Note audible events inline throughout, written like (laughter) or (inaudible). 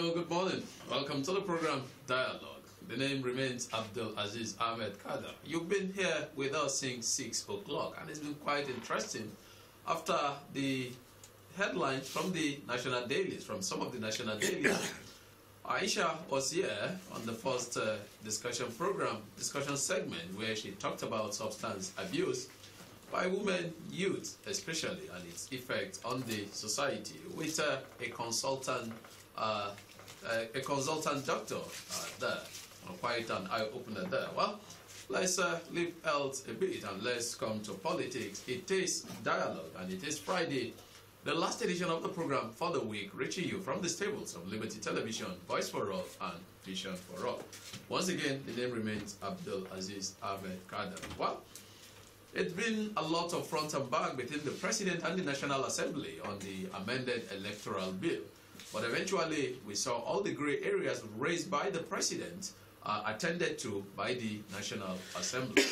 Hello, good morning. Welcome to the program Dialogue. The name remains Abdul Aziz Ahmed Kader. You've been here with us since 6 o'clock, and it's been quite interesting after the headlines from the national dailies, from some of the national dailies. (coughs) Aisha was here on the first uh, discussion program, discussion segment, where she talked about substance abuse by women, youth especially, and its effect on the society with uh, a consultant uh, uh, a consultant doctor uh, there, quite an eye opener there. Well, let's uh, leave health a bit and let's come to politics. It is dialogue and it is Friday, the last edition of the program for the week, reaching you from the stables of Liberty Television, Voice for All and Vision for All. Once again, the name remains Abdul Aziz Ahmed Kader. Well, it's been a lot of front and back between the President and the National Assembly on the amended electoral bill. But eventually, we saw all the gray areas raised by the president uh, attended to by the National Assembly.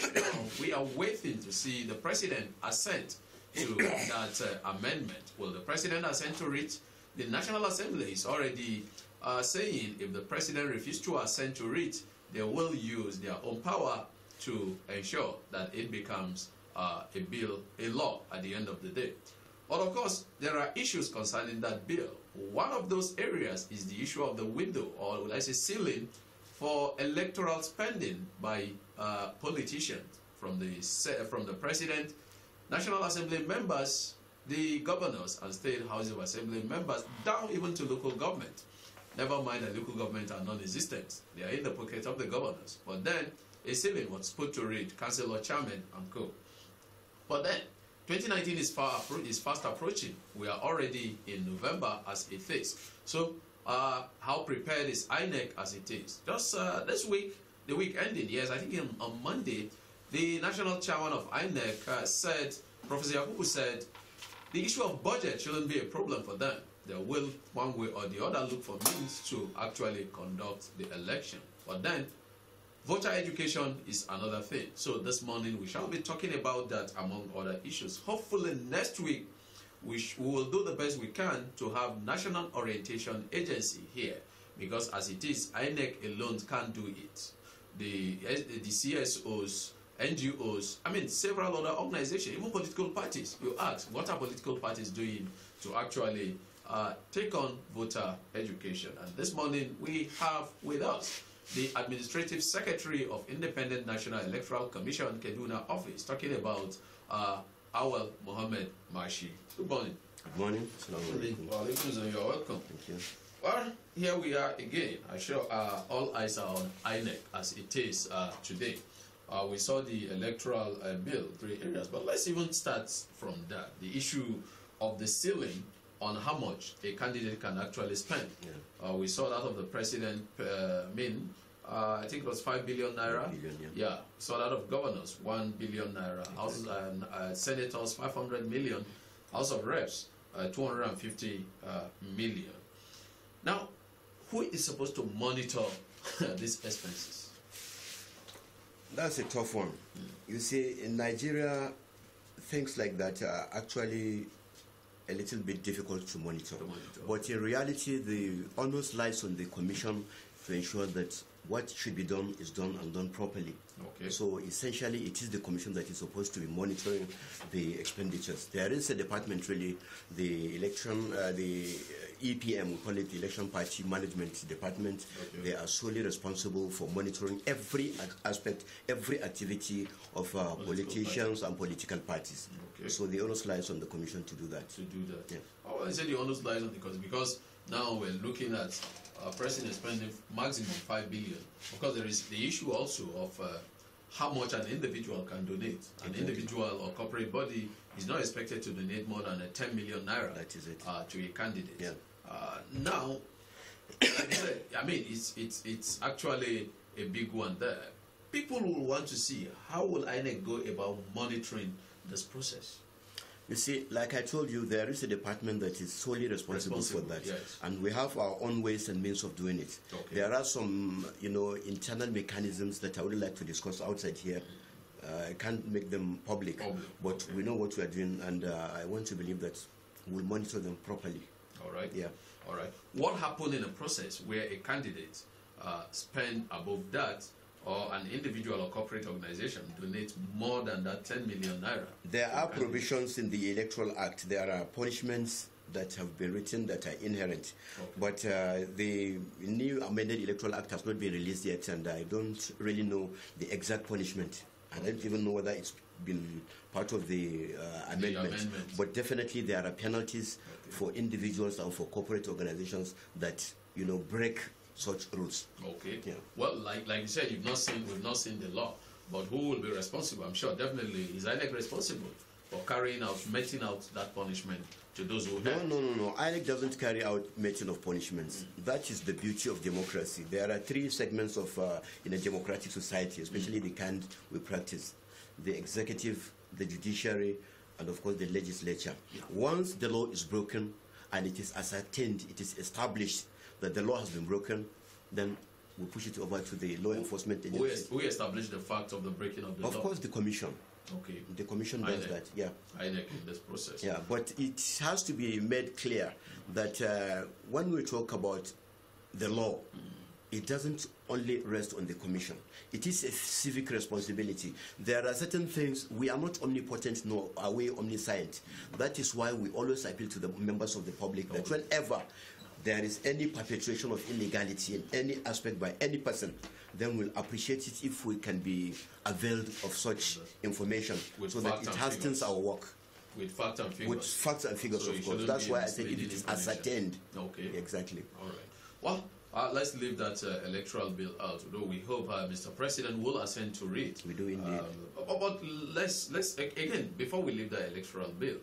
we are waiting to see the president assent to that uh, amendment. Will the president assent to it? The National Assembly is already uh, saying if the president refuses to assent to it, they will use their own power to ensure that it becomes uh, a bill, a law at the end of the day. But of course, there are issues concerning that bill. One of those areas is the issue of the window, or would I say ceiling, for electoral spending by uh, politicians, from the, from the president, National Assembly members, the governors and state houses of assembly members, down even to local government. Never mind that local government are non-existent. They are in the pocket of the governors. But then, a ceiling was put to read, councillor, chairman, and co. But then, 2019 is, far, is fast approaching. We are already in November as it is. So uh, how prepared is INEC as it is? Just uh, this week, the week ending, yes, I think in, on Monday, the national chairman of INEC uh, said, Professor Yakubu said, the issue of budget shouldn't be a problem for them. They will, one way or the other, look for means to actually conduct the election. But then, Voter education is another thing. So this morning we shall be talking about that among other issues. Hopefully next week we, we will do the best we can to have National Orientation Agency here because as it is, INEC alone can't do it. The, the CSOs, NGOs, I mean several other organizations, even political parties. You ask, what are political parties doing to actually uh, take on voter education? And this morning we have with us the administrative secretary of Independent National Electoral Commission Kaduna office talking about uh, Awal Mohammed Mashi. Good morning. Good morning. Good You're welcome. Thank you. Well, here we are again. I'm sure uh, all eyes are on INEC as it is uh, today. Uh, we saw the electoral uh, bill, three areas, but let's even start from that. The issue of the ceiling on how much a candidate can actually spend. Yeah. Uh, we saw that of the president, uh, Min, uh, I think it was 5 billion naira. Billion, yeah. yeah. Saw that of governors, 1 billion naira. Exactly. House, uh, senators, 500 million. House of Reps, uh, 250 uh, million. Now, who is supposed to monitor uh, these expenses? That's a tough one. Mm. You see, in Nigeria, things like that are actually a little bit difficult to monitor. to monitor. But in reality, the onus lies on the Commission to ensure that what should be done is done and done properly. Okay. So essentially, it is the Commission that is supposed to be monitoring the expenditures. There is a department, really, the election, uh, the EPM, we call it the Election Party Management Department. Okay. They are solely responsible for monitoring every aspect, every activity of uh, politicians party. and political parties. Okay. So the onus lies on the commission to do that. To do that. Yeah. Oh, I said the onus lies on because because now we're looking at uh, president spending maximum five billion. Of course, there is the issue also of uh, how much an individual can donate. An okay. individual or corporate body is not expected to donate more than a uh, 10 million naira that is it. Uh, to a candidate. Yeah. Uh, now, I mean, it's, it's, it's actually a big one there. People will want to see how will INEC go about monitoring this process? You see, like I told you, there is a department that is solely responsible, responsible for that. Yes. And we have our own ways and means of doing it. Okay. There are some, you know, internal mechanisms that I would like to discuss outside here. Uh, I can't make them public, public. but okay. we know what we are doing, and uh, I want to believe that we'll monitor them properly. All right. Yeah. All right. What happened in a process where a candidate uh, spent above that or an individual or corporate organization donate more than that 10 million naira. There are provisions in the Electoral Act. There are punishments that have been written that are inherent. Okay. But uh, the new amended Electoral Act has not been released yet, and I don't really know the exact punishment. I don't even know whether it's been part of the, uh, amendment. the amendment. But definitely there are penalties okay. for individuals and for corporate organizations that, you know, break such rules. Okay. Yeah. Well, like like you said, you've not seen we've not seen the law, but who will be responsible? I'm sure definitely is INEC responsible for carrying out meting out that punishment to those who. No, no, no, no. INEC doesn't carry out meting of punishments. Mm. That is the beauty of democracy. There are three segments of uh, in a democratic society, especially mm. the kind we practice: the executive, the judiciary, and of course the legislature. Yeah. Once the law is broken and it is ascertained, it is established that the law has been broken, then we push it over to the law enforcement agency. Who, established the fact of the breaking of the of law? Of course, the commission. Okay. The commission does INEC. that, yeah. INEC in this process. Yeah, but it has to be made clear that uh, when we talk about the law, it doesn't only rest on the commission. It is a civic responsibility. There are certain things we are not omnipotent nor are we omniscient. That is why we always appeal to the members of the public that whenever there is any perpetration of illegality in any aspect by any person, then we'll appreciate it if we can be availed of such information With so that it hastens our work. With facts and figures. With facts and figures, so of course. That's why I say it is ascertained. Okay. Exactly. All right. Well, uh, let's leave that uh, electoral bill out, although we hope uh, Mr. President will assent to it. We do indeed. Um, but let's, let's, again, before we leave that electoral bill,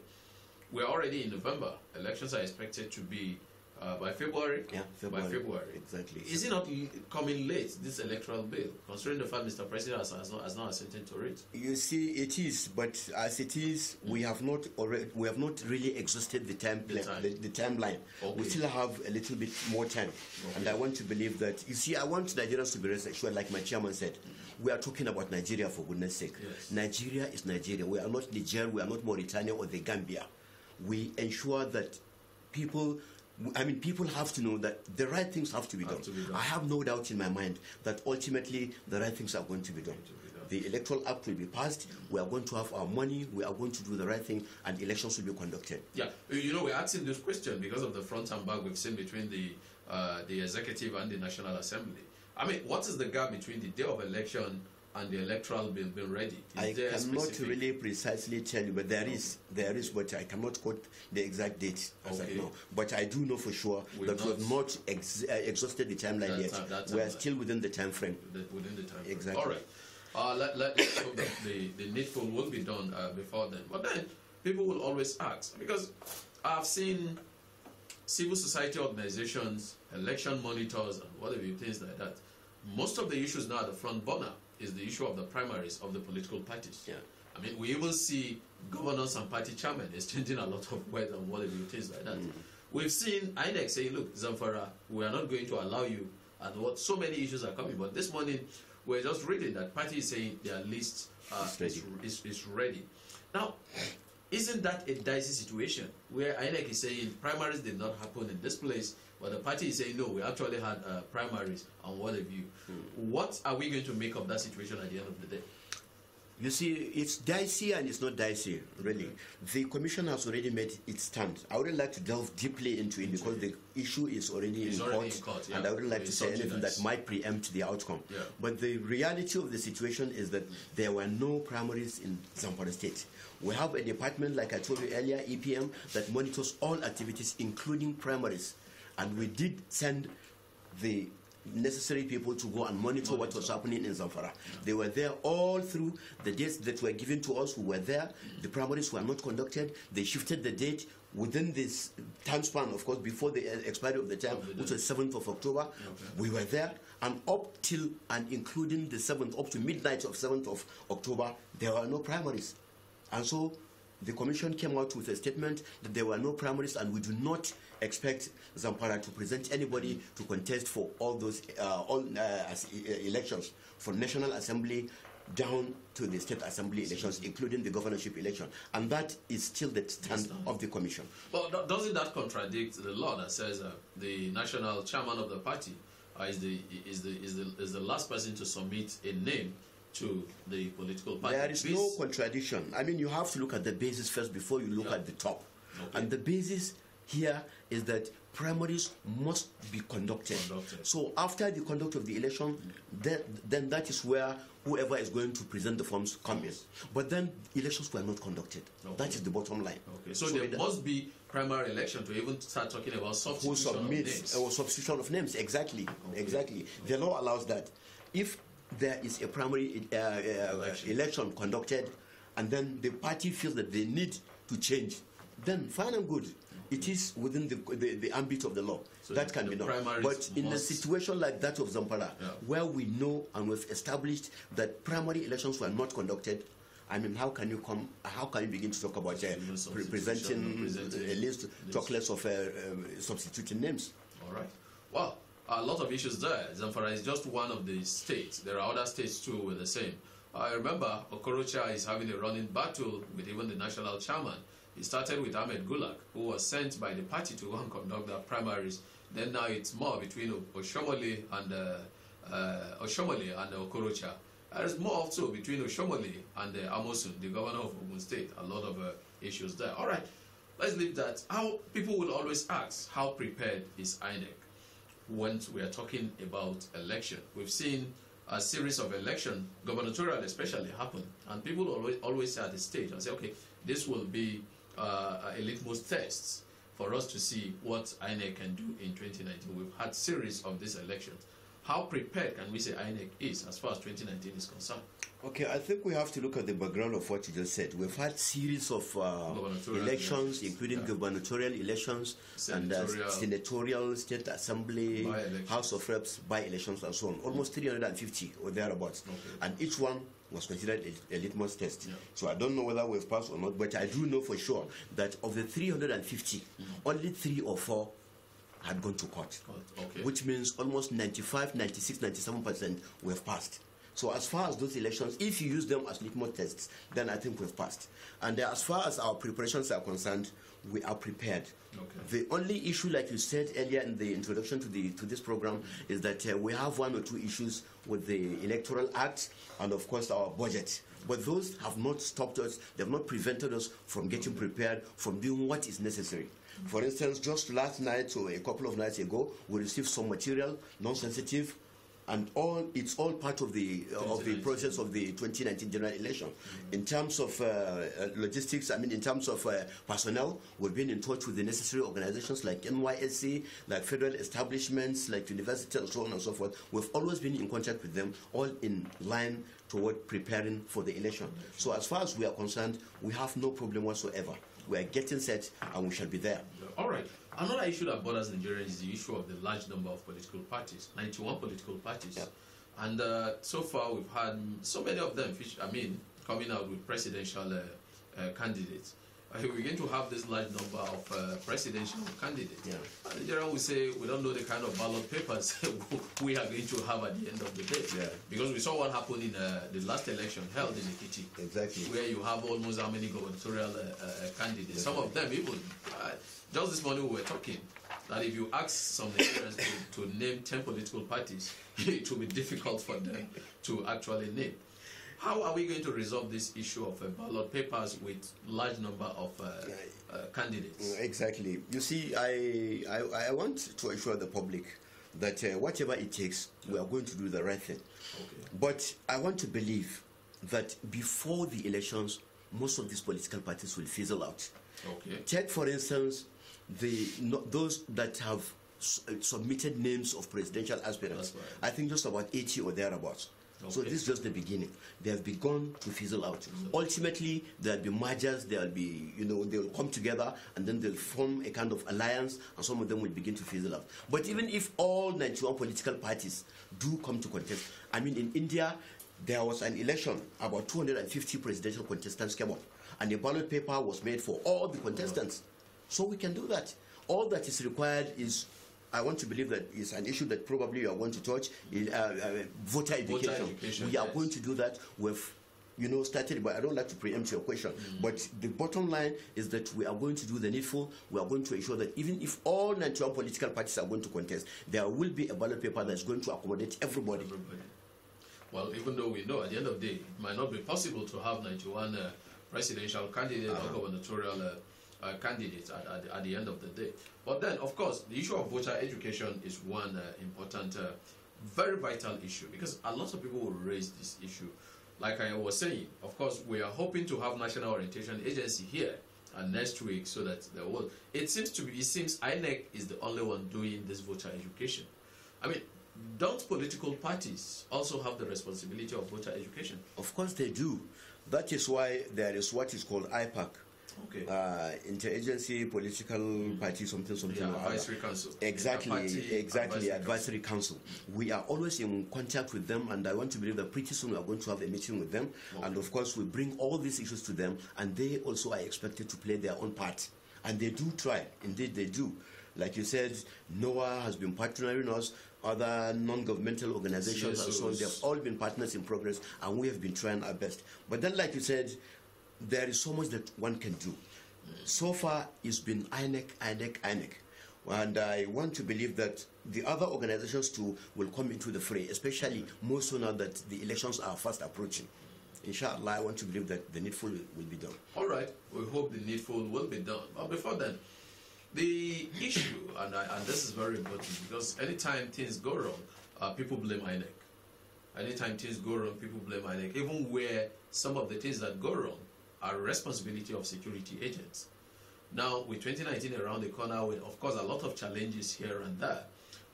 we're already in November. Elections are expected to be uh, by February? Yeah, February. By February. Exactly. Is it not coming late, this electoral bill, considering the fact Mr. President has, has, not, has not assented to it? You see, it is, but as it is, mm. we have not already, we have not really exhausted the, time the, time. the, the timeline. Okay. We still have a little bit more time. Okay. And I want to believe that, you see, I want Nigerians to be rest assured, like my chairman said, mm. we are talking about Nigeria for goodness sake. Yes. Nigeria is Nigeria. We are not Niger, we are not Mauritania or the Gambia. We ensure that people I mean, people have to know that the right things have to be, have done. To be done. I have no doubt in my mind that ultimately the right things are going to be done. To be done. The Electoral Act will be passed. We are going to have our money. We are going to do the right thing, and elections will be conducted. Yeah, uh, you know, we're asking this question because of the front and back we've seen between the uh, the executive and the National Assembly. I mean, what is the gap between the day of election and the electoral bill been ready? Is I cannot really precisely tell you, but there okay. is there is but I cannot quote the exact date as okay. I know. But I do know for sure we that we've not ex uh, exhausted the timeline yet. Time, we are still within the time frame. The, within the time frame. Exactly. All right. Uh, let, let us hope that the, the needful will be done uh, before then. But then people will always ask because I've seen civil society organizations, election monitors, and whatever things like that. Most of the issues now are the front burner is the issue of the primaries of the political parties. Yeah. I mean, we even see governors and party chairmen exchanging a lot of words and it is like that. Mm. We've seen INEC saying, look, Zamfara, we are not going to allow you, and what so many issues are coming. But this morning, we're just reading that party is saying their list uh, is, is, is ready. Now, isn't that a dicey situation where INEC is saying primaries did not happen in this place, but the party is saying, no, we actually had uh, primaries and what have you. Mm. What are we going to make of that situation at the end of the day? You see, it's dicey and it's not dicey, really. Hmm. The commission has already made its stand. I wouldn't like to delve deeply into it because the issue is already, in, already court, in, court, yeah. and I wouldn't like it's to say anything that might preempt the outcome. Yeah. But the reality of the situation is that there were no primaries in Zamfara State. We have a department, like I told you earlier, EPM, that monitors all activities, including primaries. And we did send the necessary people to go and monitor what was happening in Zamfara. They were there all through the dates that were given to us. We were there. The primaries were not conducted. They shifted the date within this time span, of course, before the uh, expiry of the term, which was 7th of October. Okay. We were there. And up till and including the 7th, up to midnight of 7th of October, there were no primaries. And so the Commission came out with a statement that there were no primaries and we do not expect Zampara to present anybody to contest for all those uh, all, uh, uh elections for National Assembly down to the state assembly elections, including the governorship election. And that is still the stand of the commission. Well, doesn't that contradict the law that says uh, the national chairman of the party uh, is, the, is, the, is, the, is the last person to submit a name to the political party. There is this no contradiction. I mean, you have to look at the basis first before you look yeah. at the top. Okay. And the basis here is that primaries must be conducted. conducted. So after the conduct of the election, then, then that is where whoever is going to present the forms comes. But then elections were not conducted. Okay. That is the bottom line. Okay. So, so there must be primary election to even start talking about substitution who submits, of names. Or uh, substitution of names, exactly. Okay. Exactly. The law allows that. If there is a primary uh, uh, uh, election. election. conducted, and then the party feels that they need to change, then fine and good. It is within the, the, the ambit of the law. So that can be done. But in a situation like that of Zampara, yeah. where we know and we've established that primary elections were not conducted, I mean, how can you come? How can you begin to talk about uh, pre presenting a uh, list, list, talk less of uh, substituting names? All right. Well, a lot of issues there. Zamfara is just one of the states. There are other states too with the same. I remember Okorocha is having a running battle with even the national chairman. It started with Ahmed Gulak, who was sent by the party to go and conduct the primaries. Then now it's more between Oshomole and uh, uh, Oshomole and Okorocha. There is more also between Oshomole and uh, Amosun, the governor of Ogun State. A lot of uh, issues there. All right, let's leave that. How people will always ask, how prepared is INEC? when we are talking about election. We've seen a series of election, gubernatorial especially, happen, and people always always at the stage and say, okay, this will be uh, a litmus test for us to see what INEC can do in 2019. We've had series of these elections. How prepared can we say INEC is as far as 2019 is concerned? Okay, I think we have to look at the background of what you just said. We've had series of uh, elections, including yeah. gubernatorial elections senatorial, and uh, senatorial, state assembly, House of Reps, by-elections, and so on. Almost 350 or thereabouts, okay. and each one was considered a, a litmus test. Yeah. So I don't know whether we've passed or not, but I do know for sure that of the 350, mm -hmm. only three or four had gone to court, okay. which means almost 95, 96, 97% we have passed. So as far as those elections, if you use them as litmus tests, then I think we've passed. And uh, as far as our preparations are concerned, we are prepared. Okay. The only issue, like you said earlier in the introduction to the to this program, is that uh, we have one or two issues with the Electoral Act and, of course, our budget. But those have not stopped us. They have not prevented us from getting prepared, from doing what is necessary. For instance, just last night or a couple of nights ago, we received some material, non-sensitive, and all it's all part of the uh, of the process of the 2019 general election. Mm -hmm. In terms of uh, uh, logistics, I mean, in terms of uh, personnel, we've been in touch with the necessary organizations like NYSC, like federal establishments, like universities, and so on and so forth. We've always been in contact with them, all in line toward preparing for the election. So as far as we are concerned, we have no problem whatsoever. We are getting set and we shall be there. All right. Another issue that bothers Nigeria is the issue of the large number of political parties, 91 political parties. Yeah. And uh, so far, we've had so many of them, I mean, coming out with presidential uh, uh, candidates. We're going to have this large number of uh, presidential candidates. Yeah. And Nigerian will say, we don't know the kind of ballot papers (laughs) we are going to have at the end of the day. Yeah. Because we saw what happened in uh, the last election held in Ikiti. Exactly. Where you have almost how many gubernatorial uh, uh candidates. Exactly. Some of them even, uh, just this morning we were talking, that if you ask some Nigerians to, to name 10 political parties, (laughs) it will be difficult for them to actually name. How are we going to resolve this issue of uh, ballot papers with large number of uh, uh candidates? Mm, exactly. You see, I, I, I want to assure the public that uh, whatever it takes, we are going to do the right thing. Okay. But I want to believe that before the elections, most of these political parties will fizzle out. Okay. Take, for instance, the those that have submitted names of presidential aspirants. Right. I think just about 80 or thereabouts. So this is just the beginning. They have begun to fizzle out. Mm -hmm. Ultimately, there'll be mergers. There'll be, you know, they'll come together and then they'll form a kind of alliance, and some of them will begin to fizzle out. But even if all 91 political parties do come to contest, I mean, in India, there was an election. About 250 presidential contestants came up, and a ballot paper was made for all the contestants. So we can do that. All that is required is I want to believe that it's an issue that probably you are going to touch is uh, uh, voter education. Voter education. We are going to do that with you know, started, but I don't like to preempt your question. Mm -hmm. But the bottom line is that we are going to do the needful. We are going to ensure that even if all 91 political parties are going to contest, there will be a ballot paper that's going to accommodate everybody. everybody. Well, even though we know at the end of the day, it might not be possible to have 91 uh, presidential candidates uh -huh. or uh-huh. gubernatorial uh, uh, candidates at, at, at, the end of the day. But then, of course, the issue of voter education is one uh, important, uh, very vital issue because a lot of people will raise this issue. Like I was saying, of course, we are hoping to have National Orientation Agency here uh, next week so that the world. It seems to be, it seems INEC is the only one doing this voter education. I mean, don't political parties also have the responsibility of voter education? Of course they do. That is why there is what is called IPAC, okay. uh, interagency political mm. party, something, something. Yeah, advisory council. Exactly, exactly, advisory, advisory council. council. We are always in contact with them, and I want to believe that pretty soon we are going to have a meeting with them. Okay. And of course, we bring all these issues to them, and they also are expected to play their own part. And they do try, indeed, they do. Like you said, NOAA has been partnering us, other non-governmental organizations yes, and so on. They've all been partners in progress, and we have been trying our best. But then, like you said, there is so much that one can do. So far, it's been INEC, INEC, INEC. And I want to believe that the other organizations too will come into the fray, especially more so now that the elections are fast approaching. Inshallah, I want to believe that the needful will be done. All right. We hope the needful will be done. But before that, the issue, and, I, and this is very important because anytime things go wrong, uh, people blame INEC. Anytime things go wrong, people blame INEC. Even where some of the things that go wrong are responsibility of security agents. Now, with 2019 around the corner, with of course a lot of challenges here and there,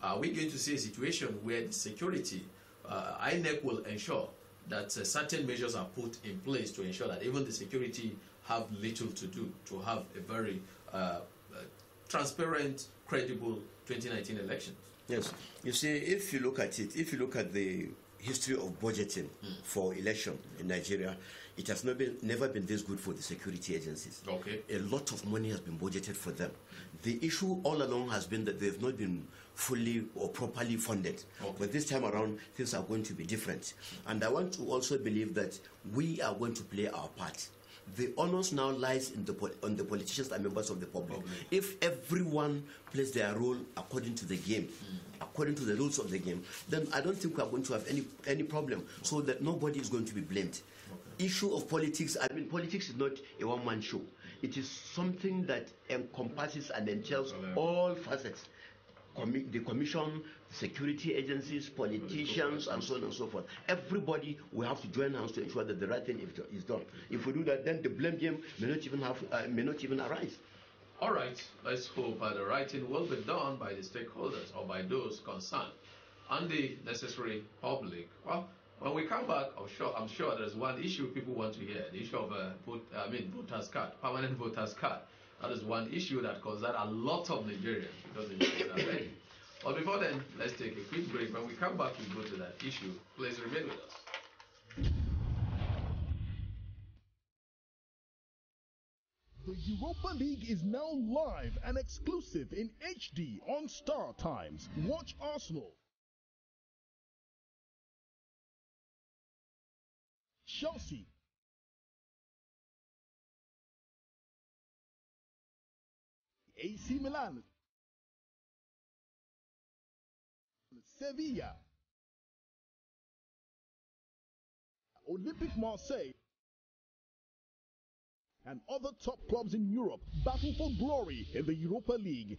are we going to see a situation where the security, uh, INEC will ensure that uh, certain measures are put in place to ensure that even the security have little to do to have a very uh, uh transparent, credible 2019 elections? Yes. You see, if you look at it, if you look at the history of budgeting mm. for election in Nigeria, it has never been, never been this good for the security agencies. Okay. A lot of money has been budgeted for them. The issue all along has been that they've not been fully or properly funded. Okay. But this time around, things are going to be different. And I want to also believe that we are going to play our part. The onus now lies the, on the politicians and members of the public. Okay. If everyone plays their role according to the game, mm. according to the rules of the game, then I don't think we are going to have any, any problem so that nobody is going to be blamed issue of politics, I mean, politics is not a one man show. It is something that encompasses and entails all facets the commission, security agencies, politicians, and so on and so forth. Everybody will have to join hands to ensure that the right thing is done. If we do that, then the blame game may not even have uh, may not even arise. All right, let's hope that the right thing will be done by the stakeholders or by those concerned, and the necessary public. Well, when we come back, I'm sure, I'm sure there's one issue people want to hear, the issue of uh, I mean, voters card, permanent voters card. That is one issue that concerns a lot of Nigerians because Nigerians are ready. But before then, let's take a quick break. When we come back, we we'll go to that issue. Please remain with us. The Europa League is now live and exclusive in HD on Star Times. Watch Arsenal. Chelsea AC Milan, Sevilla, Olympic Marseille, and other top clubs in Europe battle for glory in the Europa League.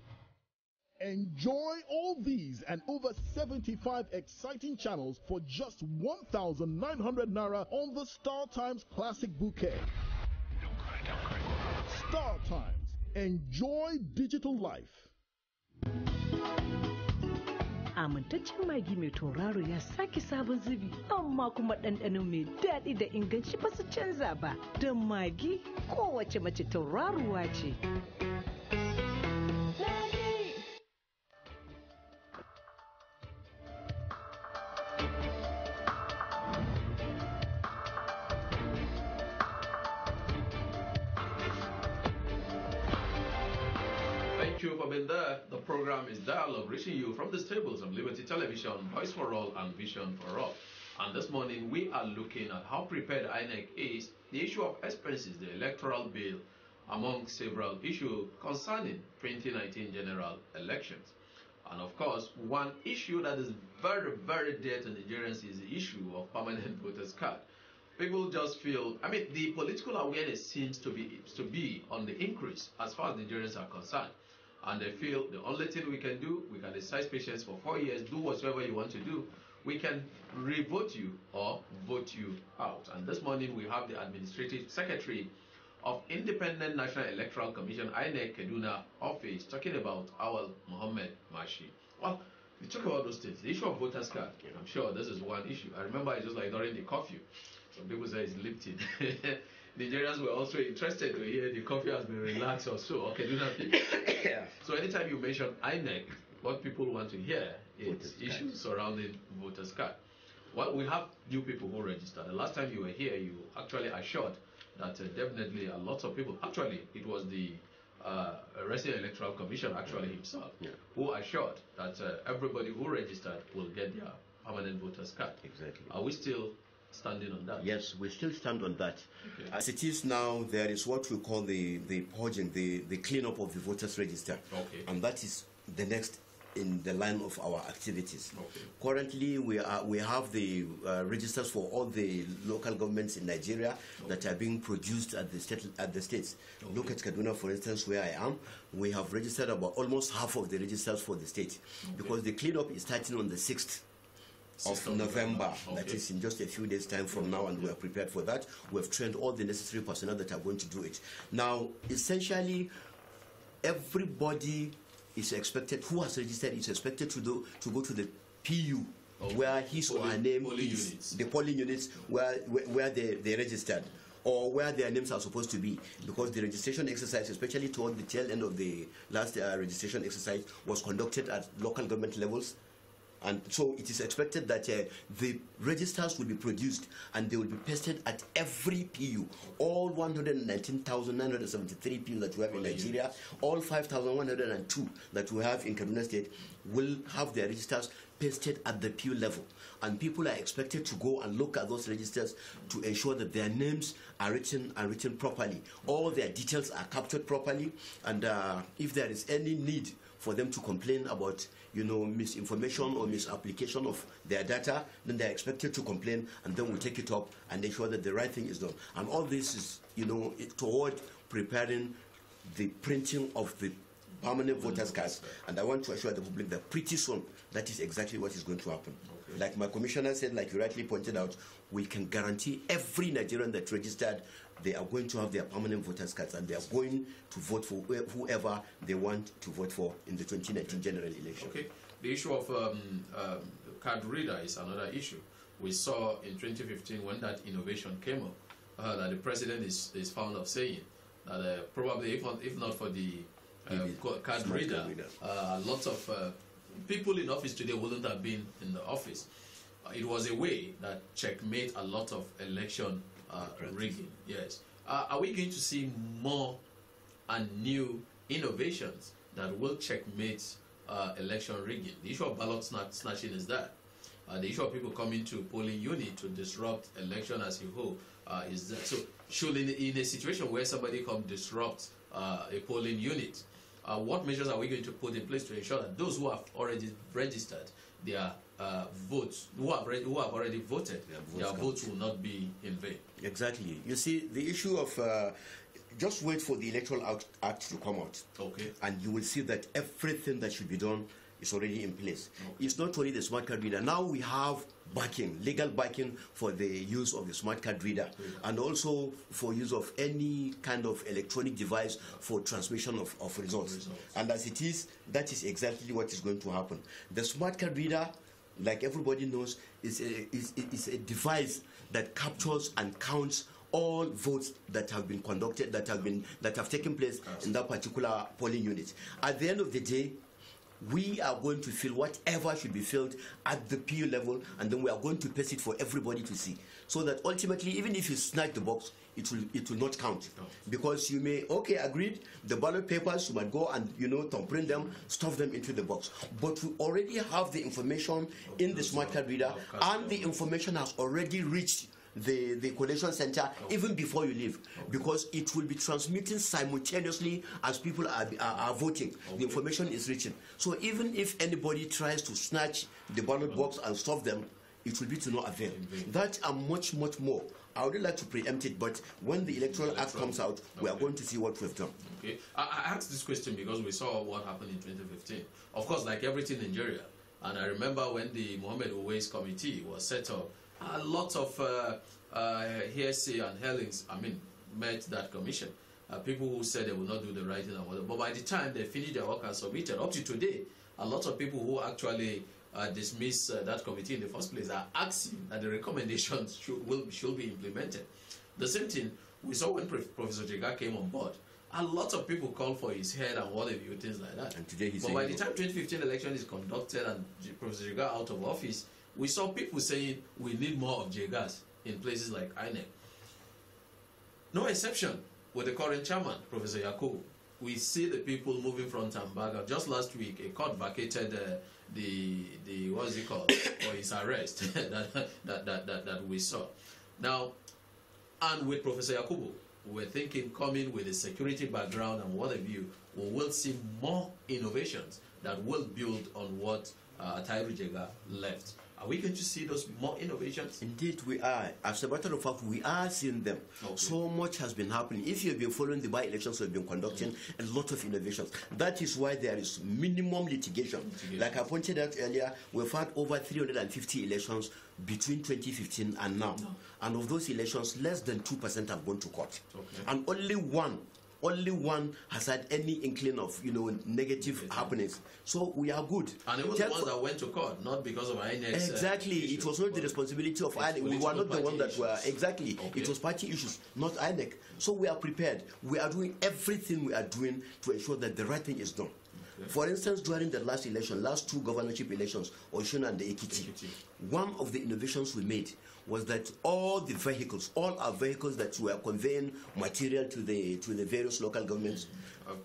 Enjoy all these and over 75 exciting channels for just 1,900 Naira on the Star Times Classic Bouquet. Star Times. Enjoy digital life. amintaccen magi mai tauraro ya sake sabon zubi amma kuma ɗanɗano mai daɗi da inganci ba su canza ba don magi kowace mace tauraruwa ce. Thank you for being there. The program is Dialogue, reaching you from the stables of Liberty Television, Voice for All, and Vision for All. And this morning we are looking at how prepared INEC is, the issue of expenses, the electoral bill, among several issues concerning 2019 general elections. And of course, one issue that is very, very dear to Nigerians is the issue of permanent voters card. People just feel, I mean, the political awareness seems to be to be on the increase as far as Nigerians are concerned and they feel the only thing we can do, we can decide. Patients for four years, do whatever you want to do, we can revote you or vote you out. And this morning we have the Administrative Secretary of Independent National Electoral Commission, INEC Kaduna office, talking about our Mohammed Mashi. Well, we talk about those things. The issue of voters card, I'm sure this is one issue. I remember it's just like during the curfew. Some people say it's lifted. (laughs) Nigerians were also interested to hear the coffee has been relaxed or so. Okay, do nothing. (laughs) yeah. So anytime you mention INEC, what people want to hear is issues surrounding voters card. Well, we have new people who registered. The last time you were here, you actually assured that uh, definitely a lot of people, actually, it was the uh, Resident Electoral Commission actually mm. himself, yeah. who assured that uh, everybody who registered will get their permanent voters card. Exactly. Are we still standing on that? Yes, we still stand on that. Okay. As it is now, there is what we call the, the purging, the, the cleanup of the voters register. Okay. And that is the next in the line of our activities. Okay. Currently, we are we have the uh, registers for all the local governments in Nigeria okay. that are being produced at the state at the states. Okay. Look at Kaduna, for instance, where I am. We have registered about almost half of the registers for the state because the cleanup is starting on the sixth of November. Okay. That is in just a few days' time from now, and we are prepared for that. We have trained all the necessary personnel that are going to do it. Now, essentially, everybody is expected who has registered is expected to do to go to the PU okay. where his or her name is units. the polling units where where they, they registered or where their names are supposed to be because the registration exercise, especially toward the tail end of the last uh, registration exercise, was conducted at local government levels and so it is expected that uh, the registers will be produced and they will be pasted at every PU, all 119,973 PU that we have in Nigeria, all 5,102 that we have in Kaduna State will have their registers pasted at the PU level. And people are expected to go and look at those registers to ensure that their names are written and written properly. All their details are captured properly. And uh, if there is any need for them to complain about, you know, misinformation or misapplication of their data, then they're expected to complain, and then we take it up and ensure that the right thing is done. And all this is, you know, toward preparing the printing of the permanent mm-hmm. voters' cards. And I want to assure the public that pretty soon that is exactly what is going to happen. Like my commissioner said, like you rightly pointed out, we can guarantee every Nigerian that registered they are going to have their permanent voters cards and they are going to vote for whoever they want to vote for in the 2019 okay. general election. Okay. The issue of um, um, card reader is another issue. We saw in 2015 when that innovation came up uh, that the president is, is fond of saying that uh, probably if not, if not for the uh, card reader, card uh, lots of uh, people in office today wouldn't have been in the office. It was a way that checkmate a lot of election uh, ah, ah, rigging. Yes. Uh, are we going to see more and new innovations that will checkmate uh, election rigging? The issue of ballot snatching is that. the issue of people coming to polling unit to disrupt election as a whole is that. So, should in, in, a situation where somebody come disrupt a polling unit, what measures are we going to put in place to ensure that those who have already registered they are uh, votes, who have, already, who have already voted, their votes, their votes will not be in vain. Exactly. You see, the issue of uh, just wait for the Electoral Act, Act, to come out. Okay. And you will see that everything that should be done is already in place. Okay. It's not only the smart card reader. Now we have backing, legal backing for the use of the smart card reader yeah. and also for use of any kind of electronic device for transmission of, of results. results. And as it is, that is exactly what is going to happen. The smart card reader like everybody knows, is a, is, is a device that captures and counts all votes that have been conducted, that have been that have taken place in that particular polling unit. At the end of the day, we are going to fill whatever should be filled at the PU level, and then we are going to pass it for everybody to see. So that ultimately, even if you snag the box, it will it will not count because you may okay agreed the ballot papers you might go and you know thumbprint them stuff them into the box but we already have the information in the smart card reader and the information has already reached the, the collation center okay. even before you leave okay. because it will be transmitting simultaneously as people are, are, are voting. Okay. The information is reaching. So even if anybody tries to snatch the ballot mm. box and stop them, it will be to no avail. That and much, much more I would like to preempt it, but when the Electoral, Act comes out, okay. we are going to see what we've done. Okay. I, I, asked this question because we saw what happened in 2015. Of course, like everything in Nigeria, and I remember when the Mohammed Owais Committee was set up, a lot of uh, uh, hearsay and hellings, I mean, met that commission. Uh, people who said they would not do the right thing, but by the time they finished their work and submitted, up to today, a lot of people who actually uh, dismiss uh, that committee in the first place are asking that the recommendations (laughs) should, will, should be implemented. The same thing we saw when Professor Jega came on board. A lot of people called for his head and what have you, things like that. And today he's But by the time 2015 election is conducted and Professor Jega out of office, we saw people saying we need more of Jegas in places like INEC. No exception with the current chairman, Professor Yakub. We see the people moving from Tambaga. Just last week, a court vacated uh, the the what's it called (coughs) for his arrest (laughs) that, that, that that that we saw. Now, and with Professor Yakubu, we're thinking coming with a security background and what have you, we will see more innovations that will build on what uh, Tairu Jega left. Are we going to see those more innovations? Indeed, we are. As a matter of fact, we are seeing them. Okay. So much has been happening. If you've been following the by elections we've been conducting, mm -hmm. a lot of innovations. That is why there is minimum litigation. litigation. Like I pointed out earlier, we've had over 350 elections between 2015 and now. No. And of those elections, less than 2% have gone to court. Okay. And only one only one has had any inkling of you know negative yes, happenings. So we are good. And it was Therefore, the ones that went to court, not because of INEX. Exactly. Uh, it was not the responsibility of INEC. We were not the one that were exactly. Okay. It was party issues, not INEC. So we are prepared. We are doing everything we are doing to ensure that the right thing is done. For instance, during the last election, last two governorship elections, Oshun and the Ekiti, one of the innovations we made was that all the vehicles, all our vehicles that were conveying material to the to the various local governments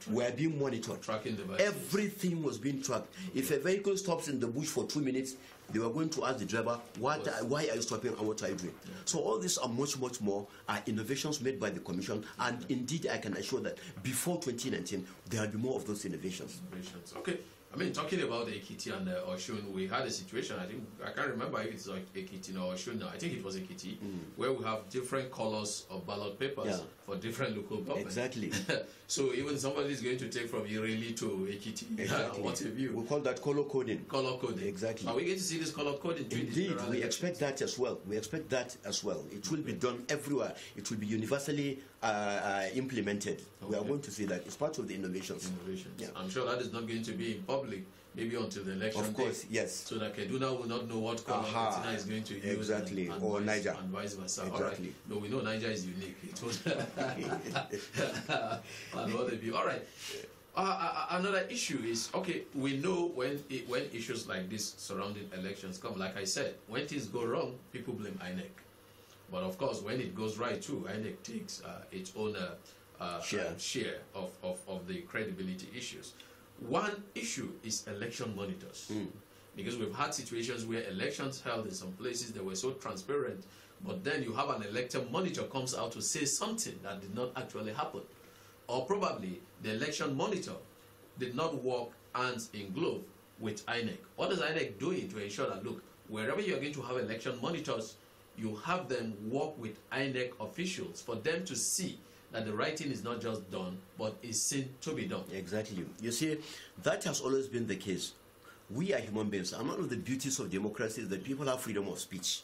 were being monitored. Tracking Everything was being tracked. If a vehicle stops in the bush for two minutes, they were going to ask the driver, what, why are you stopping and what are you doing? Yeah. So all these are much, much more are innovations made by the Commission. And indeed, I can assure that before 2019, there will be more of those innovations. innovations. Okay. I mean, talking about Ekiti and uh, Oshun, we had a situation, I think, I can't remember if it's like Ekiti or Oshun now, I think it was Ekiti, mm. where we have different colors of ballot papers yeah. for different local governments. Exactly. (laughs) So even somebody is going to take from Ireli to Ekiti. (laughs) Exactly. what We call that color coding. Color coding. Exactly. Are we going to see this color coding? Indeed, we expect that as well. We expect that as well. It will okay. be done everywhere. It will be universally uh, uh, implemented. Okay. We are going to see that. It's part of the innovations. Innovations. Yeah. I'm sure that is not going to be in public maybe until the election. Of course, day, yes. So that Kaduna will not know what color Aha, Katina is going to use. Exactly, and, and or vice, Niger. And vice versa. Exactly. Right. No, we know Niger is unique. It was (laughs) and other people. All right. Uh, uh, uh, another issue is okay. We know when it, when issues like this surrounding elections come. Like I said, when things go wrong, people blame INEC. But of course, when it goes right too, INEC takes uh, its own uh, uh, share, share of, of, of the credibility issues. One issue is election monitors. Mm. Because we've had situations where elections held in some places that were so transparent, but then you have an election monitor comes out to say something that did not actually happen. Or probably the election monitor did not work hands in glove with INEC. What is INEC doing to ensure that, look, wherever you're going to have election monitors, you have them work with INEC officials for them to see that the writing is not just done, but is seen to be done. Exactly. You see, that has always been the case. We are human beings. And one of the beauties of democracy is that people have freedom of speech.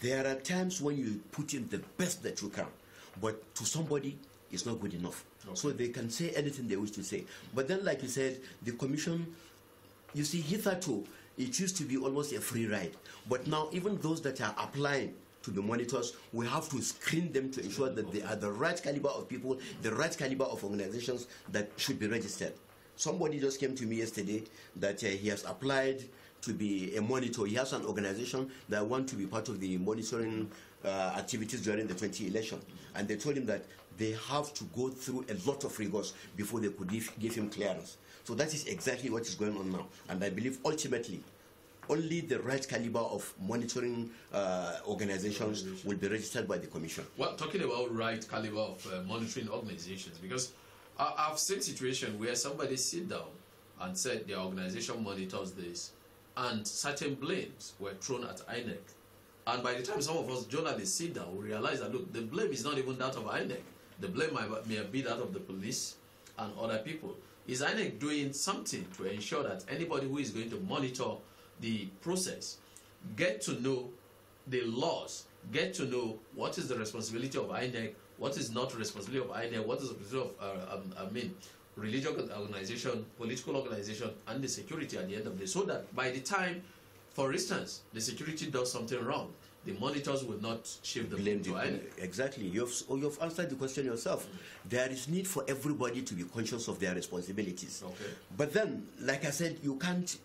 There are times when you put in the best that you can, but to somebody, it's not good enough. Okay. So they can say anything they wish to say. But then, like you said, the commission, you see, hitherto, it used to be almost a free ride. But now, even those that are applying to the monitors. We have to screen them to ensure that they are the right caliber of people, the right caliber of organizations that should be registered. Somebody just came to me yesterday that uh, he has applied to be a monitor. He has an organization that want to be part of the monitoring uh, activities during the 20 election. And they told him that they have to go through a lot of rigors before they could give, give him clearance. So that is exactly what is going on now. And I believe ultimately only the right caliber of monitoring uh, organizations will be registered by the Commission. Well, talking about right caliber of uh, monitoring organizations, because I, have seen situations where somebody sit down and said their organization monitors this, and certain blames were thrown at INEC. And by the time some of us journalists sit down, we realize that look, the blame is not even that of INEC. The blame may be that of the police and other people. Is INEC doing something to ensure that anybody who is going to monitor the process, get to know the laws, get to know what is the responsibility of INEC, what is not responsibility of INEC, what is the responsibility of, uh, um, I mean, religious organization, political organization, and the security at the end of the day. So that by the time, for instance, the security does something wrong, the monitors will not shift the blame the, any. Exactly. You've, oh, you've answered the question yourself. There is need for everybody to be conscious of their responsibilities. Okay. But then, like I said, you can't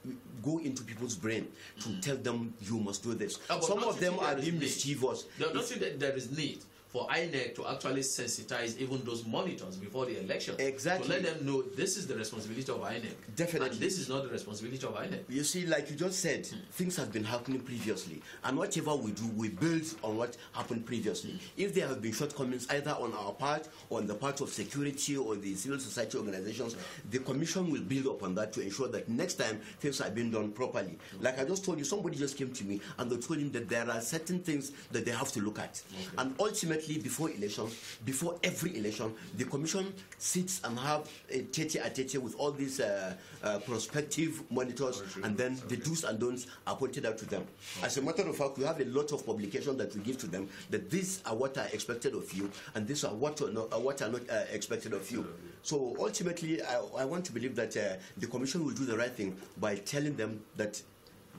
go into people's brain to mm. tell them you must do this. Uh, Some of them are being mischievous. No, not that there is need for INEC to actually sensitize even those monitors before the election. Exactly. To let them know this is the responsibility of INEC. Definitely. And this is not the responsibility of INEC. You see, like you just said, mm. things have been happening previously. And whatever we do, we build on what happened previously. Mm. If there have been shortcomings either on our part, on the part of security or the civil society organizations, hmm. the commission will build upon that to ensure that next time things are being done properly. Mm. Like I just told you, somebody just came to me and they told him that there are certain things that they have to look at. Okay. And ultimately, immediately before elections, before every election, the commission sits and have a tete a tete with all these uh, uh, prospective monitors, and then okay. the do's and don'ts are pointed out to them. Okay. As a matter of fact, we have a lot of publications that we give to them that these are what are expected of you, and these are what are not, uh, what are not uh, expected of you. So ultimately, I, I want to believe that uh, the commission will do the right thing by telling them that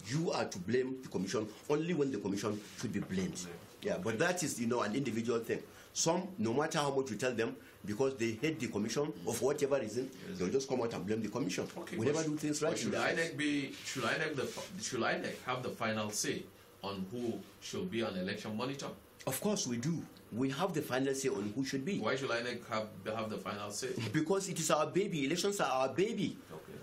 you are to blame the commission only when the commission should be blamed. Yeah, but that is, you know, an individual thing. Some, no matter how much you tell them, because they hate the commission mm. for whatever reason, yes. they'll just come out and blame the commission. Okay, we never do things right. Should INEC be? Should INEC the? Should INEC have the final say on who should be an election monitor? Of course, we do. We have the final say on who should be. Why should INEC have have the final say? Because it is our baby. Elections are our baby.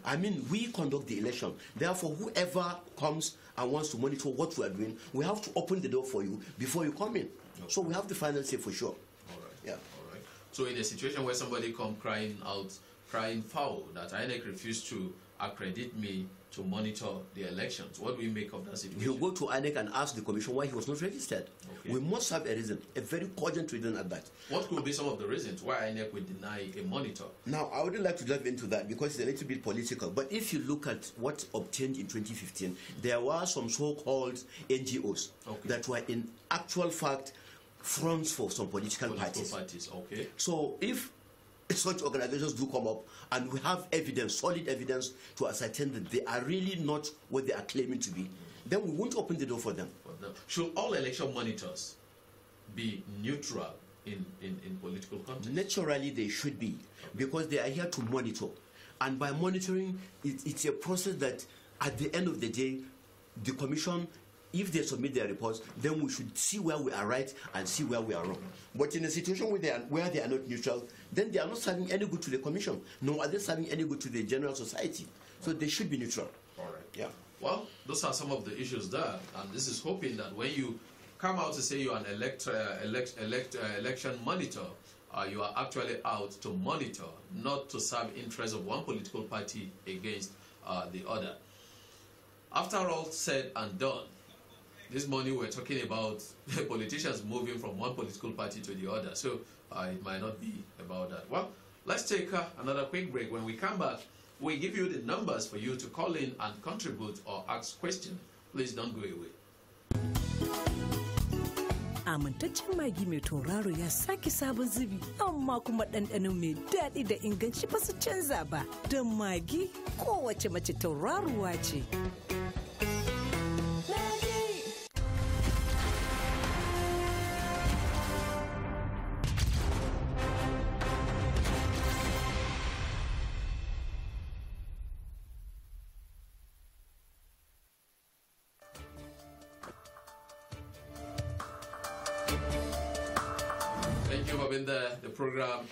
I mean, we conduct the election. Therefore, whoever comes and wants to monitor what we are doing, we have to open the door for you before you come in. Okay. So we have to find say for sure. All right. Yeah. All right. So in a situation where somebody come crying out, crying foul that INEC refused to accredit me to monitor the elections. What do we make of that situation? You go to INEC and ask the commission why he was not registered. Okay. We must have a reason, a very cogent reason at that. What could be some of the reasons why INEC would deny a monitor? Now, I wouldn't like to delve into that because it's a little bit political. But if you look at what obtained in 2015, there were some so-called NGOs okay. that were in actual fact fronts for some political, political parties. parties. Okay. So if such organizations do come up, and we have evidence, solid evidence, to ascertain that they are really not what they are claiming to be, then we won't open the door for them. Should all election monitors be neutral in, in, in political context? Naturally, they should be, because they are here to monitor. And by monitoring, it, it's a process that, at the end of the day, the commission if they submit their reports, then we should see where we are right and see where we are wrong. But in a situation where they are, where they are not neutral, then they are not serving any good to the commission, nor are they serving any good to the general society. So they should be neutral. All right. Yeah. Well, those are some of the issues there, and this is hoping that when you come out to say you're an elect, uh, elect, elect uh, election monitor, uh, you are actually out to monitor, not to serve interests of one political party against uh, the other. After all said and done, this morning we are talking about (laughs) politicians moving from one political party to the other, so uh, it might not be about that. Well, let's take uh, another quick break. When we come back, we give you the numbers for you to call in and contribute or ask questions. Please don't go away. amintaccen magi mai tauraro ya sake sabon zubi amma kuma ɗanɗano mai daɗi da inganci ba su canza ba don magi kowace mace tauraruwa ce.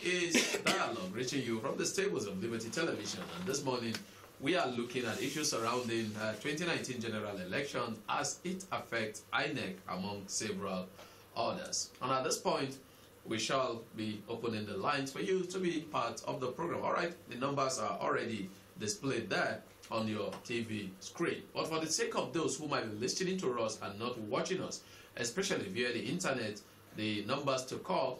is Dialogue, reaching you from the stables of Liberty Television. And this morning, we are looking at issues surrounding uh, 2019 general elections as it affects INEC among several others. And at this point, we shall be opening the lines for you to be part of the program. All right, the numbers are already displayed there on your TV screen. But for the sake of those who might be listening to us and not watching us, especially via the internet, the numbers to call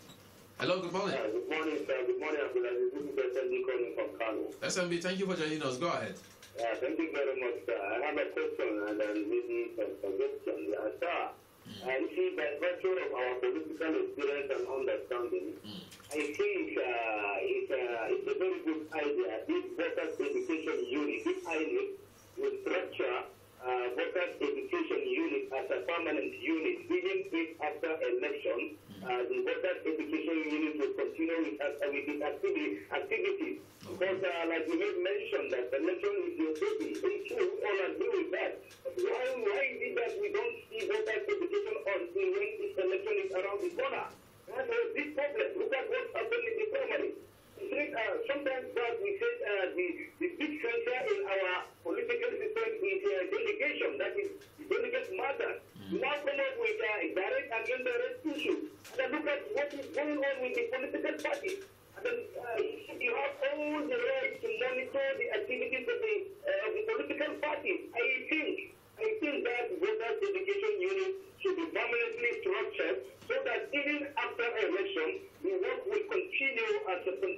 Hello, good morning. Uh, good morning, sir. Good morning, Abdulaziz. This is SMB calling from Kano. SMB, thank you for joining us. Go ahead. Yeah, uh, thank you very much, sir. I have a question and I'm making some suggestions. Yeah, uh, sir, mm. I see by virtue of our political experience and understanding, mm. I think uh, it's, uh, it's a very good idea. This better education unit, this INEC, will structure uh, Records Education Unit as a permanent unit, even if after election, mm. uh, the Records Education Unit will continue with, uh, with its activity, activities. Because, uh, like we made mention, that election is your duty. It's true, all agree with that. Why, why is it that we don't see Records Education until when this election is around the corner? That's a big problem. Look at what's happened in the primary uh, sometimes that uh, we said uh, the, the big center in our political system is uh, delegation, that is delegate matter. Mm. Mm-hmm. Now come up with uh, direct and indirect issues. And look at what is going on with the political party. And then, uh, you have all the right to monitor the activities of the, uh, the political party. I think I think that voter education unit should be permanently structured so that even after election, as a process.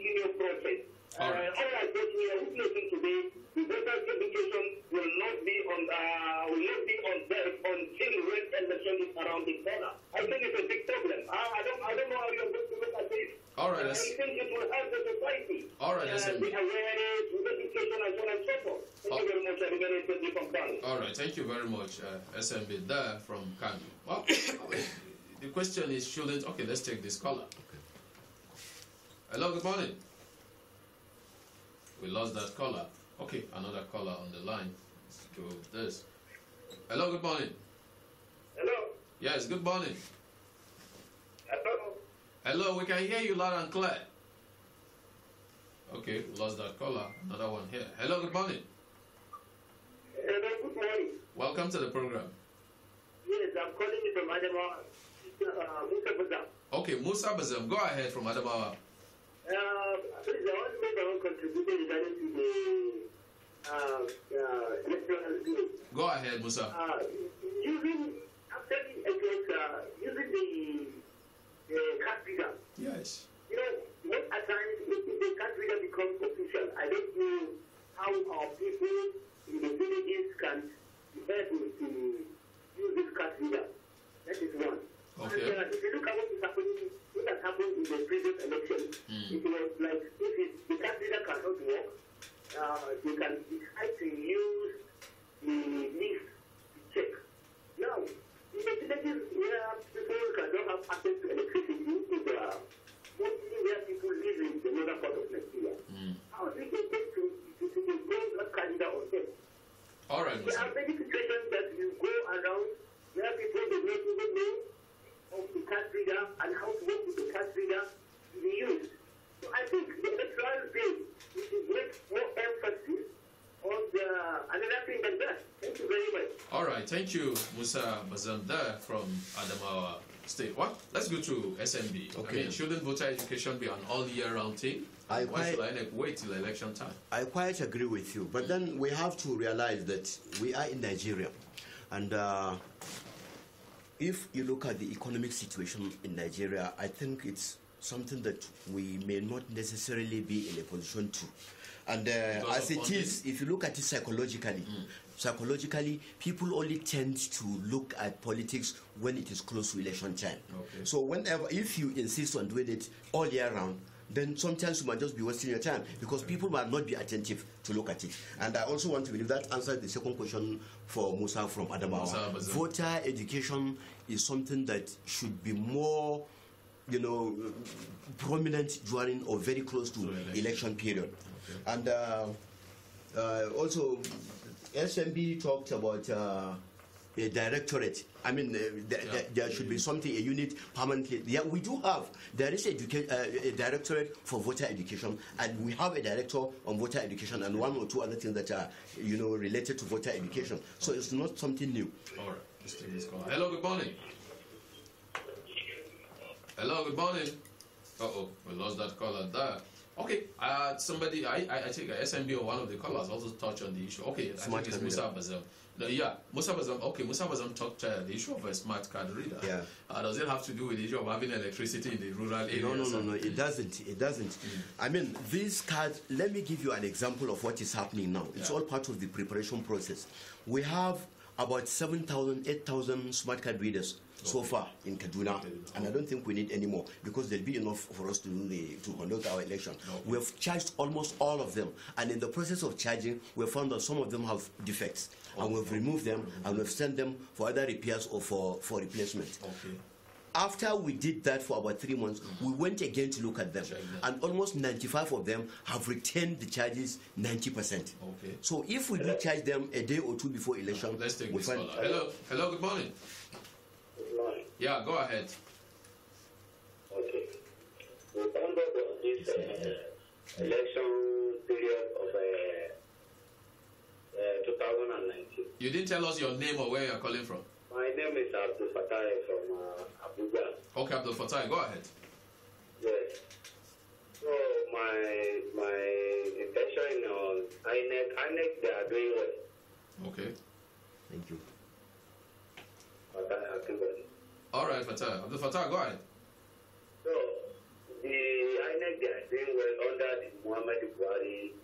All right. Uh, all that we are witnessing today, the education will not be on uh, will not be on there until when election is around the corner. I think it's a big problem. I, I don't I don't know how you're going to look at this. All right. I think it will help the society. All right. Uh, awareness, education, and so on and so forth. Thank you very much. All right. Thank you very much, uh, SMB. There from Kano. Well, (coughs) the question is, shouldn't okay? Let's take this caller. Hello, good morning. We lost that caller. Okay, another caller on the line with this. Hello, good morning. Hello. Yes, good morning. Hello. Hello, we can hear you loud and clear. Okay, lost that caller. Another one here. Hello, good morning. Hello, good morning. Welcome to the program. Yes, I'm calling you from Adamawa. Uh, Musa Bazam. Okay, Musa Bazam, go ahead from Adamawa. Uh, I want to contribution regarding to the uh, uh, Go ahead, Musa. Uh, using, after the against, using the uh, card reader. Yes. You know, when at times the card reader becomes official, I don't know how our people in the villages can be able to use this card reader. That is one. Okay in the previous election. Mm. It was like if it, the candidate cannot work, uh, can decide to use the Musa from Adamawa State. What? Let's go to SMB. Okay. I mean, shouldn't voter education be an all year round thing? I Why should wait till election time? I quite agree with you, but then we have to realize that we are in Nigeria, and. Uh, if you look at the economic situation in Nigeria, I think it's something that we may not necessarily be in a position to. And uh, as it is, if you look at it psychologically, mm psychologically, people only tend to look at politics when it is close to election time. Okay. So whenever, if you insist on doing it all year round, then sometimes you might just be wasting your time because people might not be attentive to look at it. And I also want to believe that answers the second question for Musa from Adamawa. Musa, Voter education is something that should be more you know, prominent during or very close to election period. Okay. And uh, uh, also SMB talked about uh, a directorate. I mean, uh, th yeah. th there should be something, a unit permanently. Yeah, we do have. There is a, uh, a directorate for voter education, and we have a director on voter education and one or two other things that are, you know, related to voter education. So it's not something new. All right. Let's take this call. Hello, good morning. Hello, good morning. Uh-oh, we lost that caller there. Okay, uh, somebody, I, I, think SMB or one of the callers also touched on the issue. Okay, smart I think it's Musa Bazem. No, yeah, Musa Bazem, okay, Musa Bazem talked uh, the issue of a smart card reader. Yeah. Uh, does it have to do with the issue of having electricity in the rural areas? No, no, no, no, it doesn't. It doesn't. Mm. I mean, these cards, let me give you an example of what is happening now. It's yeah. all part of the preparation process. We have about 7,000, 8,000 smart card readers so far in Kaduna, and I don't think we need any more because there'll be enough for us to the, uh, to conduct our election. We have charged almost all of them, and in the process of charging, we found that some of them have defects, and we've removed them mm-hmm. and we've sent them for either repairs or for for replacement. Okay after we did that for about three months, mm-hmm. we went again to look at them. And almost 95 of them have retained the charges 90%. Okay. So if we do charge them a day or two before election, let's take we this find, Hello. Hello, good morning. Yeah, go ahead. Okay. We found out on this uh, election period of uh, uh 2019. You didn't tell us your name or where you're calling from. My name is Abdul Fatah from uh, Abuja. Okay, Abdul Fatah, go ahead. Yes. So my my intention on INEC, INEC they are doing well. Okay. Thank you. Okay, all right, Fatah. Abdul Fatah, go ahead. So, the INEC, they are doing well under the Muhammad Buhari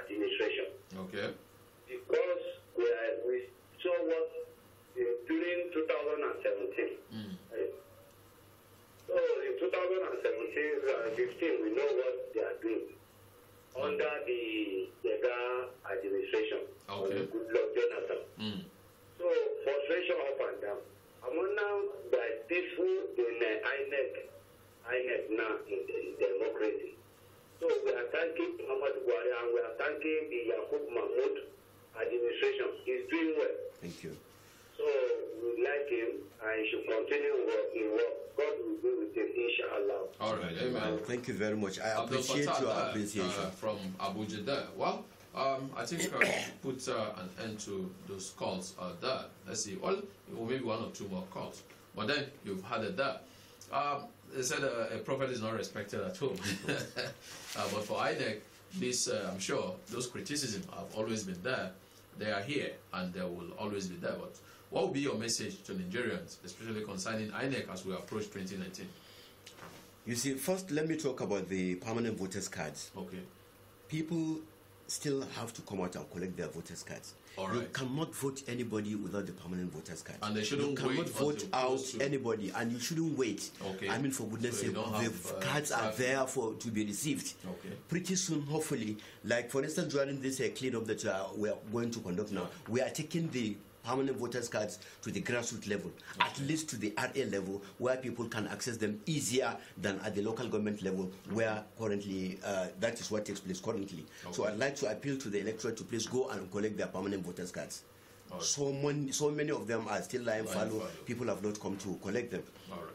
administration. Okay. Because we, are, we saw what uh, during 2017. Mm. Right? Eh, so, in 2017 and uh, 15, we know what they are doing mm. under the Jega administration. Okay. Good Jonathan. Mm. So, frustration up and down. I'm now by default in uh, INEC INEC now in, democracy so we are thanking Muhammad Buhari and we are thanking the Yakub Mahmoud administration He's is doing well. Thank you. So we like him and he should continue working well. God will be with him, inshallah. All right, amen. Well, thank you very much. I appreciate Fattah, your uh, appreciation. Uh, from Abu Jeddah. Well, um, I think I put uh, an end to those calls uh, there. Let's see, well, or maybe one or two more calls. But then you've had it there. Um, they said uh, a prophet is not respected at home. (laughs) uh, but for INEC, this, uh, I'm sure, those criticisms have always been there. They are here and they will always be there. But what would be your message to Nigerians, especially concerning INEC as we approach 2019? You see, first, let me talk about the permanent voters' cards. Okay. People still have to come out and collect their voters' cards. Right. You cannot vote anybody without the permanent voters' card. And they shouldn't you cannot vote out to... anybody, and you shouldn't wait. Okay. I mean, for goodness' so sake, the uh, cards are there for to be received. Okay. Pretty soon, hopefully, like for instance, during this uh, cleanup that uh, we are going to conduct now, we are taking the permanent voters cards to the grassroots level, okay. at least to the RA level, where people can access them easier than at the local government level, where currently uh, that is what takes place currently. Okay. So I'd like to appeal to the electorate to please go and collect their permanent voters cards. Right. So, many, so many of them are still lying fallow. People have not come to collect them. All right.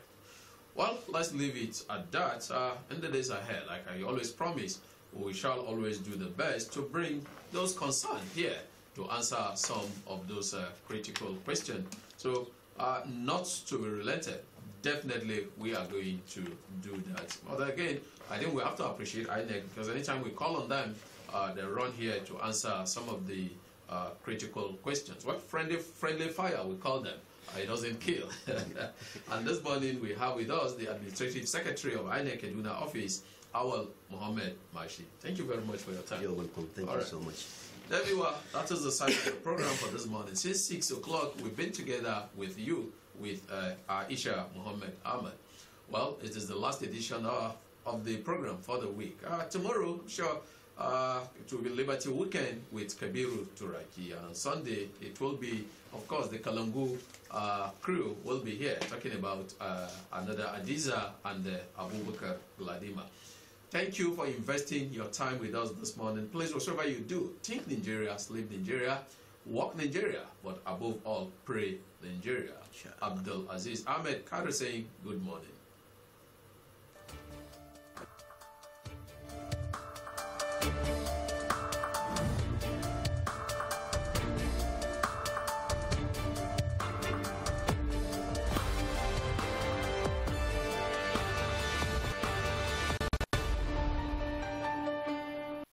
Well, let's leave it at that. Uh, in the days ahead, like I always promise, we shall always do the best to bring those concerns here to answer some of those uh, critical questions. So uh, not to be related, definitely we are going to do that. But again, I think we have to appreciate INEC because anytime we call on them, uh, they run here to answer some of the uh, critical questions. What friendly, friendly fire, we call them. Uh, it doesn't kill. (laughs) and this morning we have with us the Administrative Secretary of INEC Kaduna Office, Awal Mohammed Mashi. Thank you very much for your time. You're welcome. Thank All you right. so much that is the sign of the program for this morning. Since 6 o'clock, we've been together with you, with uh, Aisha Muhammad Ahmed. Well, it is the last edition of, of the program for the week. Uh, tomorrow, sure, uh, it will be Liberty Weekend with Kabiru Turaki. And on Sunday, it will be, of course, the Kalangu uh, crew will be here talking about uh, another Adiza and uh, Abubakar Gladima. Thank you for investing your time with us this morning. Please, whatever you do, think Nigeria, sleep Nigeria, walk Nigeria, but above all, pray Nigeria. Abdul Aziz Ahmed Kader saying good morning.